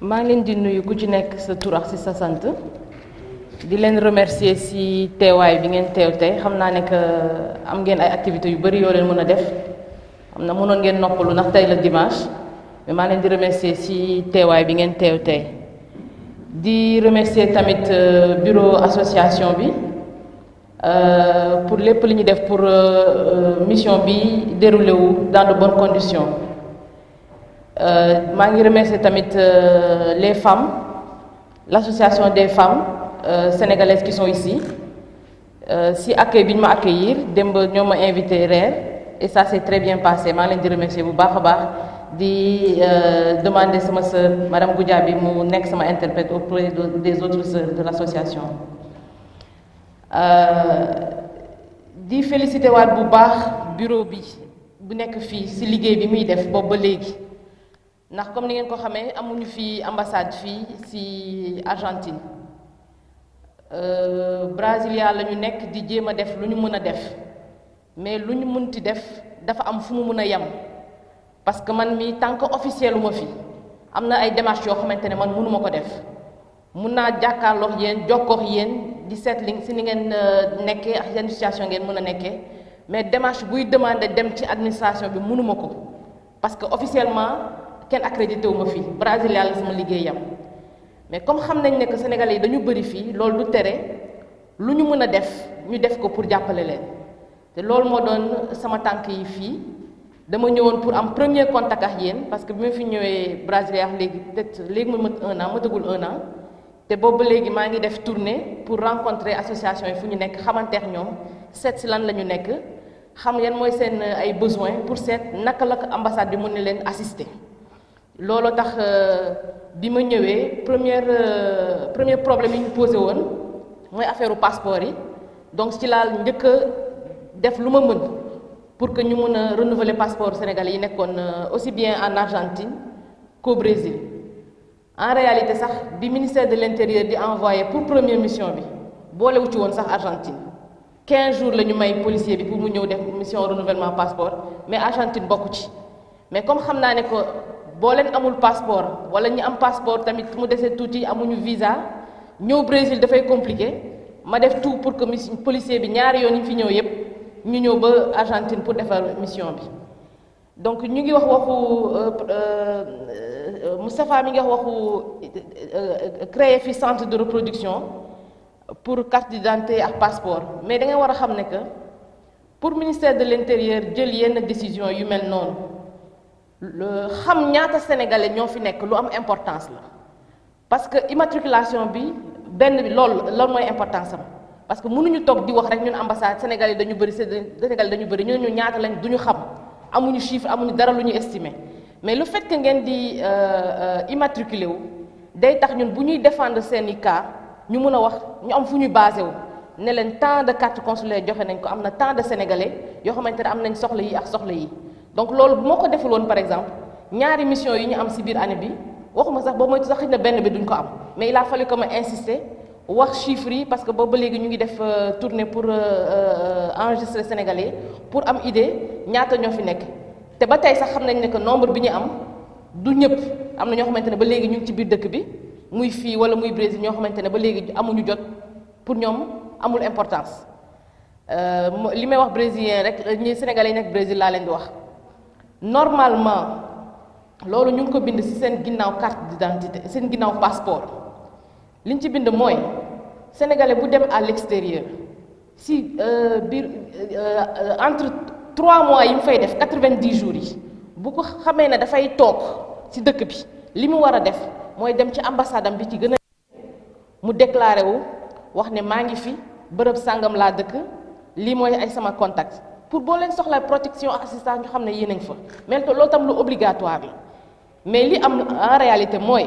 maa ngeen di nuyu ku ci nekk sa tur ak si sa sant di leen remercier si teewaay bi ngeen teew tey xam naa ne que am ngeen ay activités yu bëri yoo leen mën a def xam na mënoon ngeen noppalu ndax tey la dimanche mais maa leen di remercier si teewaay bi ngeen teew tey di remercier tamit euh, bureau association bi euh, pour lépp li ñu def pour euh, mission bi déroulé wu dans de bonnes Euh, maa ngi remercier tamit euh, les femmes l'association des femmes euh, sénégalaises qui sont ici si accueil bi ñu ma accueillir démb ñoo ma invité reer et ça s'est très bien passé maa ngi leen di remercier bu baax a baax di demander sama sœur madame Goudiaby mu nekk sama interprète auprès des autres sœurs de l'association di féliciter waat bu baax bureau bi bu nekk fii si liggéey bi muy def boobu ba léegi ndax comme ni ngeen ko xamee amuñu fi ambassade fii ci Argentine euh, Brasilia la ñu nekk di jéem a def lu ñu mën a def mais lu ñu ti def dafa am fu mu mën a yem parce que man mi tant que officiel lu fi am na ay démarches yoo xamante ne man mënuma ko def mun naa jàkkaarloo yéen jokkoo yéen di seet li si ni ngeen euh, nekkee ak yan ngeen mën a nekkee mais démarche buy demander dem ci administration bi mënuma ko parce officiellement. kenn accrédité wu ma fii Brésilia la sama liggéeyam mais comme xam nañ ne que sénégalais yi dañu bëri fii loolu du tere lu ñu mën a def ñu def ko pour jàppale leen te loolu moo doon sama tànk yi fii dama ñëwoon pour am premier contact ak yéen parce que bi ma fi ñëwee Brésilia léegi peut léegi mu mat un an ma tëgul te boobu léegi maa ngi def tournée pour rencontrer association yi fu ñu nekk xamanteex ñoom seet si lan la ñu nekk xam yan mooy seen ay besoin pour seet naka la ambassade bi mën na leen assister. loolu tax euh, bi ma ñëwee première euh, premier problème yi ñu posé woon mooy affaire passeport yi donc ci laal njëkk a def lu ma mën pour que ñu mën a renouveler passeport sénégalais yi nekkoon euh, aussi bien en Argentine qu'au Brésil en réalité sax bi ministère de l'intérieur di envoyé pour première mission bi boolewu ci woon sax Argentine 15 jours la ñu may policier bi pour mu ñëw def mission renouvellement passeport mais Argentine bokku ci mais comme xam naa ne ko boo leen amul passeport wala ñu am passeport tamit mu desee tuuti amuñu visa ñëw Brésil dafay compliqué ma def tout pour que policier bi ñaari yoon yi fi ñëw yépp ñu ñëw ba Argentine pour defar mission bi donc ñu ngi wax waxu euh, euh, Moustapha mi ngi wax waxu euh, créer fi centre de reproduction pour carte d'identité ak passeport mais da nga war a xam ne que pour ministère de l'intérieur jël yenn décision yu mel noonu xam ñaata sénégalais ñoo fi nekk lu am importance la parce que immatriculation bi benn bi loolu loolu mooy importance am parce que mënuñu toog di wax rek ñun ambassade sénégalais dañu bëri sénégalais dañu bëri ñu ñu ñaata lañ duñu xam amuñu chiffre amuñu dara lu ñu estimer mais lu fekk ngeen di euh, euh, immatriculé wu day tax ñun bu ñuy défendre seen i cas ñu mun a wax ñu am fu ñu basé wu ne leen tant de carte consulaire joxe nañ ko am na tant de sénégalais yoo xamante ne am nañ soxla yi ak soxla yi donc loolu bu moo ko deful woon par exemple ñaari mission yi ñu am si biir année bi waxuma sax ba moytu sax xëy na benn bi duñ ko am mais il a fallu que ma insister wax chiffres yi parce que boobu ba léegi ñu ngi def euh, tournée pour euh, euh, sénégal sénégalais pour am idée ñaata ñoo fi nekk te ba tey sax xam nañ ne que nombre bi ñu am du ñëpp am na ñoo xamante ne ba léegi ñu ngi ci biir dëkk bi muy fii wala muy Brésil ñoo xamante ne ba léegi amuñu jot pour ñoom amul importance li may wax brésilien rek ñi sénégalais yi nekk laa leen di wax. normalement loolu ñu ngi ko bind si seen ginnaaw carte d'identité seen ginnaaw passeport li ñu ci bind mooy sénégalais bu dem à l'extérieur si euh, biir euh, euh, entre trois mois yi mu fay def quatre-vingt-dix jours yi bu ko xamee ne dafay toog ci dëkk bi li mu war a def mooy dem ci ambassade bi ci gën a mu déclaré wu wax ne maa ngi fi bërëb sàngam laa dëkk lii mooy ay sama contact pour boo leen soxla protection assistance ñu xam ne yéen a ngi fa mais loolu tam lu mais li am en réalité mooy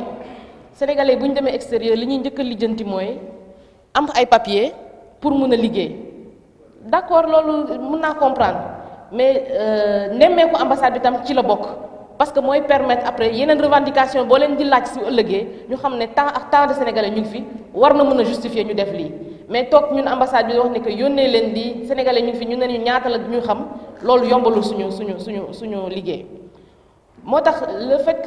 sénégalais bu ñu demee extérieur li ñuy njëkk a lijjanti mooy am ay papier pour mun a liggéey d'accord loolu mun naa comprendre mais euh, nemmeeku ambassade bi tam ci la bokk parce que mooy permettre après yeneen revendication boo leen di laaj si ëllëgee ñu xam ne tant ak tant de sénégalais ñu ngi fi war na mën a justifier ñu def lii. mais toog ñun ambassade bi wax ne que yónnee leen di sénégalais ñu ngi fi ñu ne ñu ñaata la ñu xam loolu yombalul suñu suñu suñu suñu liggéey moo tax le fait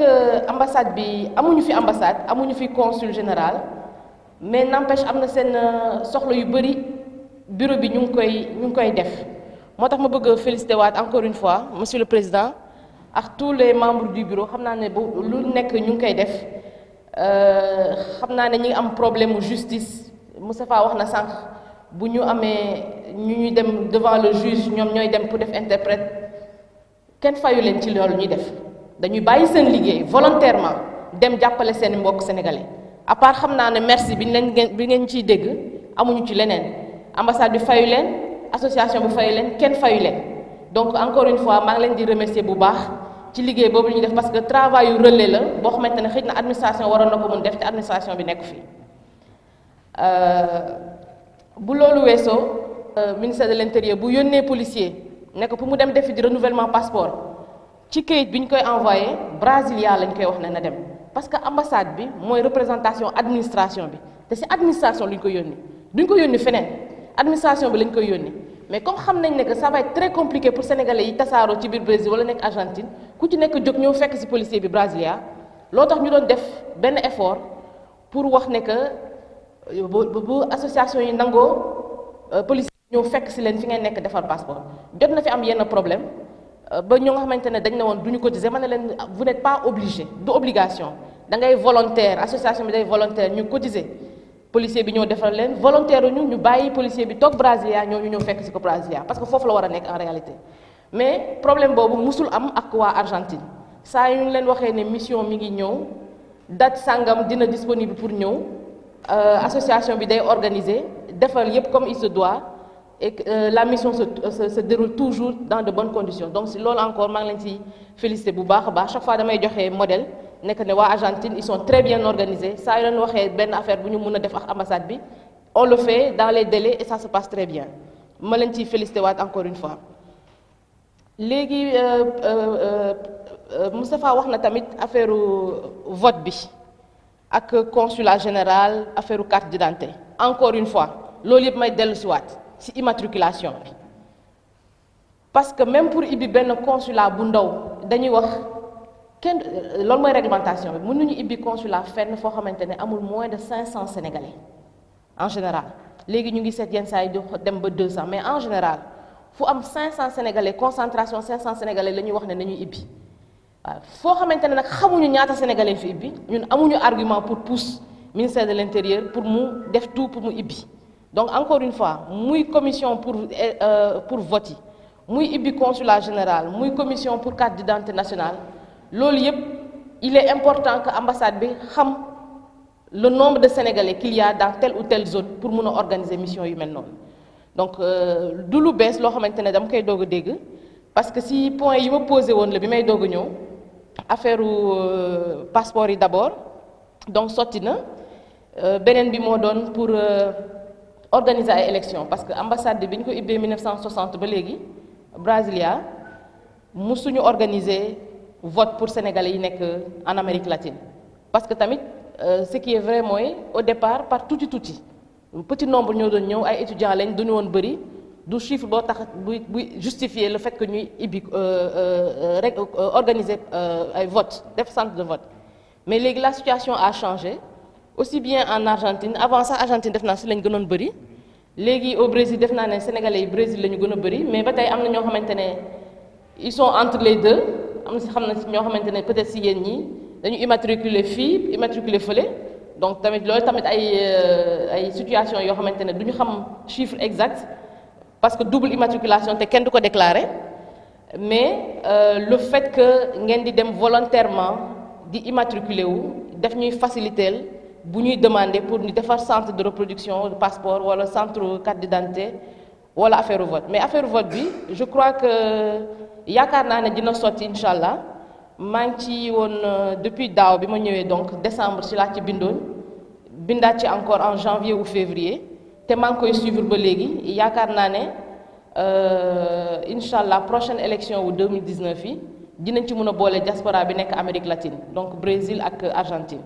ambassade bi amuñu fi ambassade amuñu fi consul général mais n'empêche am na seen euh, soxla yu bëri bureau bi ñu ngi koy ñu ngi koy def moo tax ma bëgg a félicité waat encore une fois monsieur le président ak tous les membres du bureau xam naa ne bu lu nekk ñu ngi koy def euh, xam naa ne ñu ngi am problème mu justice. Moustapha wax na sànq bu ñu amee ñu ñuy dem devant le juge ñoom ñooy dem pour def interprète kenn fayu leen ci loolu ñuy def dañuy bàyyi seen liggéey volontairement dem jàppale seen mbokk sénégalais à part xam naa ne merci bi leen ngeen bi ngeen ciy dégg amuñu ci leneen ambassade bi fayu leen association bi fayu leen kenn fayu leen donc encore une fois maa ngi leen di remercier bu baax ci liggéey boobu ñu def parce que travail yu relais la boo xamante ne xëy na administration waroon na ko mën def te administration bi nekk fii Euh, bu loolu weesoo euh, ministère de l'intérieur bu yónnee policier ne ko pour mu dem defi di renouvellement passeport ci kayit bi ñu koy envoyé Brasilia lañ koy wax ne na dem parce que ambassade bi mooy représentation administration bi te si administration lu ñu ko yónni duñ ko yónni feneen administration bi lañ koy yónni mais comme xam nañ ne que ça va être très compliqué pour sénégalais yi tasaaroo ci biir Brésil wala nekk Argentine ku ci nekk jóg ñëw fekk si policier bi Brasilia loo tax ñu doon def benn effort pour wax ne que bu bu association yi nangoo euh, police ñëw fekk si leen fi ngay nekk defar passeport jot na fi am yenn problème euh, ba ñoo xamante ne dañ ne woon du ñu cotiser ma ne leen vous n'êtes pas obligé du obligation da ngay volontaire association bi day volontaire ñu cotiser policier bi ñoo defar leen volontaire ñu ñu bàyyi policier bi toog Brasilia ñoo ñu ñëw fekk si ko Brasilia parce que foofu la war a nekk en réalité mais problème boobu musul am ak waa Argentine saa yu ñu leen waxee ne mission mi ngi ñëw date sàngam dina disponible pour ñëw Euh, association bi day organiser defal yëpp comme il se doit et que euh, la mission se se se déroule toujours dans de bonnes conditions donc si loolu encore mag lañ leen ci félicité bu baax a baax chaque fois damay joxe modèle nekk ne waa Argentine ils sont très bien organisés saa yu leen waxee benn affaire bu ñu mën a def ak ambassade bi on le fait dans les délais et ça se passe très bien ma leen ciy félicité waat encore une fois. léegi euh, Moustapha wax na tamit affaire vote bi. ak consulat général affaire carte d'identité encore une fois loolu yëpp may dellu siwaat ci immatriculation bi parce que même pour ibbi benn consulat bu ndaw dañuy wax kenn loolu mooy réglementation bi nañu ibbi consulat fenn foo xamante ne amul moins de 500 sénégalais en général léegi ñu ngi seet yenn saa yi dem ba 200 mais en général fu am 500 sénégalais concentration 500 sénégalais la ñuy wax ne nañuy ibbi. waaw foo xamante ne nag xamuñu ñaata sénégalais fi ibbi ñun amuñu argument pour pousse ministère de l' intérieur pour mu def tout pour mu ibbi donc encore une fois muy commission pour euh, pour vote yi muy ibbi consulat général muy commission pour carte d' identité nationale loolu yëpp il est important que ambassade bi xam le nombre de sénégalais qu'il y a dans telle ou telle zone pour mun a organiser mission yu mel noonu donc euh, du lu bees loo xamante ne dama koy doog a dégg parce que si point yi ma posé woon la bi may doog a ñëw. affaire euh, passeport yi d'abord donc sotti na euh, beneen bi moo doon pour euh, organiser ay élection parce que ambassade bi ñu ko ubbee 1960 ba léegi Brasilia musuñu organiser vote pour sénégalais yi nekk en Amérique latine parce que tamit ce qui est vrai mooy au départ par tuuti tuuti petit nombre ñoo doon ñëw ay étudiants lañ duñu woon bëri. du chiffre boo tax buy buy justifier le fait que ñuy ibbi euh, euh, rek euh, organiser ay vote def centre de vote mais léegi la situation a changé aussi bien en Argentine avant sax Argentine def naa si lañ gënoon bëri léegi au Brésil def naa ne sénégalais yi Brésil la ñu gën a bëri mais ba tey am na ñoo xamante ne ils sont entre les deux am na xam na ñoo xamante ne peut-être si yéen ñi dañu immatriculé fii immatriculé fële donc tamit loolu tamit ay ay situation yoo xamante ne du xam chiffre exact parce que double immatriculation te kenn du ko déclarer mais euh, le fait que ngeen di dem volontairement di immatriculer wu def ñuy faciliter bu ñuy demander pour ni defar centre de reproduction de passeport wala centre carte d'identité wala affaire vote mais affaire vote bi je crois que yaakaar naa ne dina sotti incha allah maa ngi ci woon euh, depuis daaw bi ma ñëwee donc décembre ci laa ci bindoon bindaat ci encore en janvier ou février. te maa ngi koy suivre ba léegi yaakaar naa ne euh, incha allah prochaine élection wu 2019 yi dinañ ci mën a boole diaspora bi nekk Amérique latine donc Brésil ak Argentine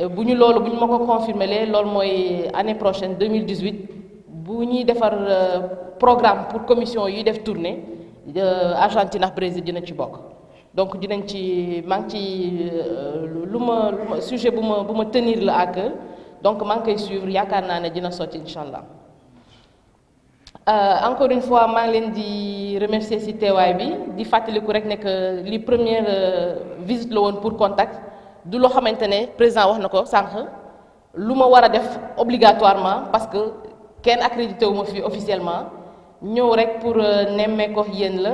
euh, bu ñu loolu bu ñu ma ko confirmer le loolu mooy année prochaine 2018 bu ñuy defar euh, programme pour commission yi def tournée Argentine ak Brésil dinañ ci bokk donc dinañ ci maa ngi ci lu ma lu ma sujet bu ma bu ma tenir la à donc maa ngi suivre yaakaar naa ne dina sotti incha allah euh, encore une fois maa ngi leen di remercier ci teewaay bi di fàttaliku rek ne que li première euh, visite la woon pour contact du loo xamante ne président wax na ko sànq lu ma war a def obligatoirement parce que kenn accrédité wu ma fi officiellement ñëw rek pour euh, nemmee ko yéen la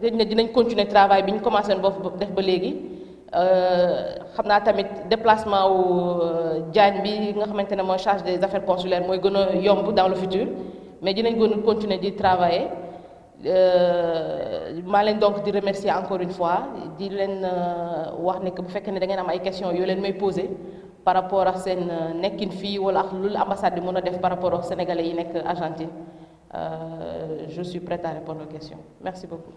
xëy na dinañ continuer travail bi ñu commencé woon boobu def ba léegi. Euh, xam naa tamit déplacement wu euh, Diagne bi nga xamante ne mooy charge des affaires consulaires mooy gën a yomb dans le futur mais dinañ gën a continuer di travailler euh, maa leen donc di remercier encore une fois di leen wax ne que bu fekkee ne da ngeen am ay question yoo leen mooy poser par rapport ak seen nekkin fii wala ak lu ambassade bi mën a def par rapport ak sénégalais yi nekk Argentine je suis prête à répondre aux questions merci beaucoup.